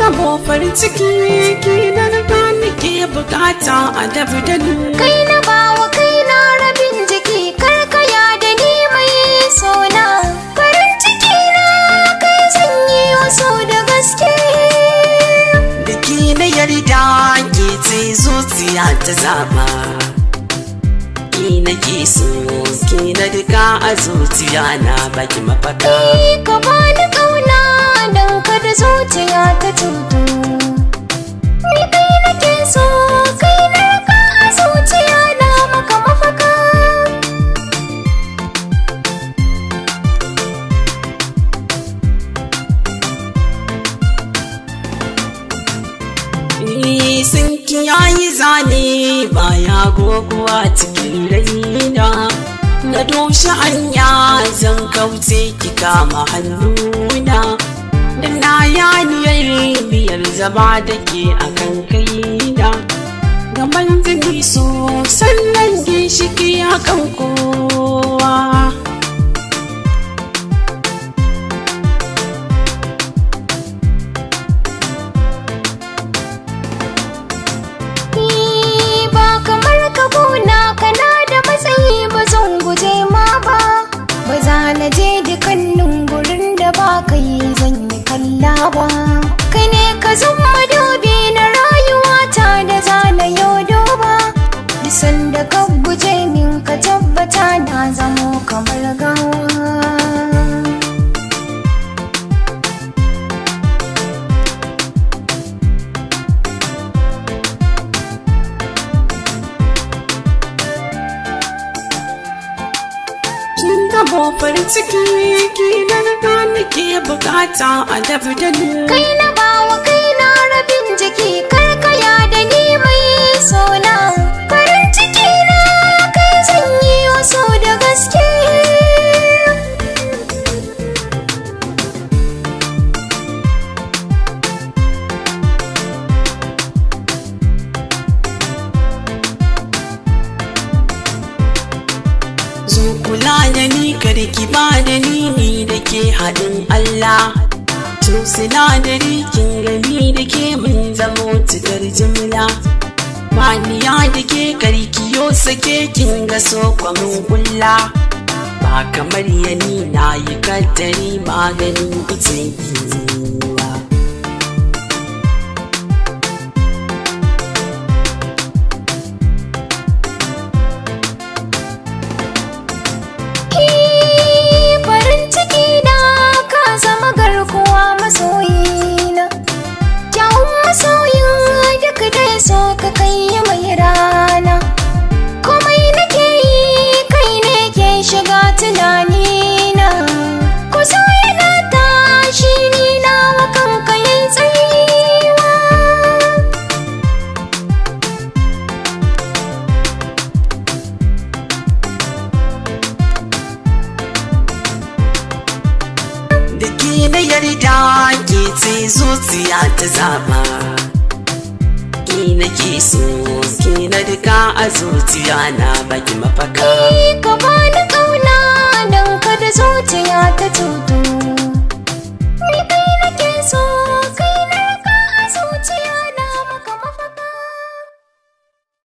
tabo farin ciki ki na riga ke bukata a dabi da ni kai na bawa kai na rabin jiki karkaya da ni mai sona farin ciki na kai sanye wasu da gaske da ki na yarda ke ce zuciya ta zama, ki na ke so ki na duka a zuciya na baki mafaka ka ba sinki ya yi zane baya goguwa cikin raina na doshi hanya zan kauce ki kama hannuna dan na yaniyar biyar zama da ke a kan kaina gaban jini so sannan ginshiki a kan kowa 桃花。farin ciki ki na riga nake bukata a dabdan kai na bawa kai na rabin jiki kai da ni kada ki ba da ni ni da ke haɗin Allah to sinadari kin gani da ke mun zamo cikar jimla maliya da ke yo sake kin ga so kwamin kulla ba kamar yani na yi kaddari maganin izini. masoyi ya ta zaba ki nake so ki na duka a zuciya na baki mafaka ka bani kauna don da zuciya ta tutu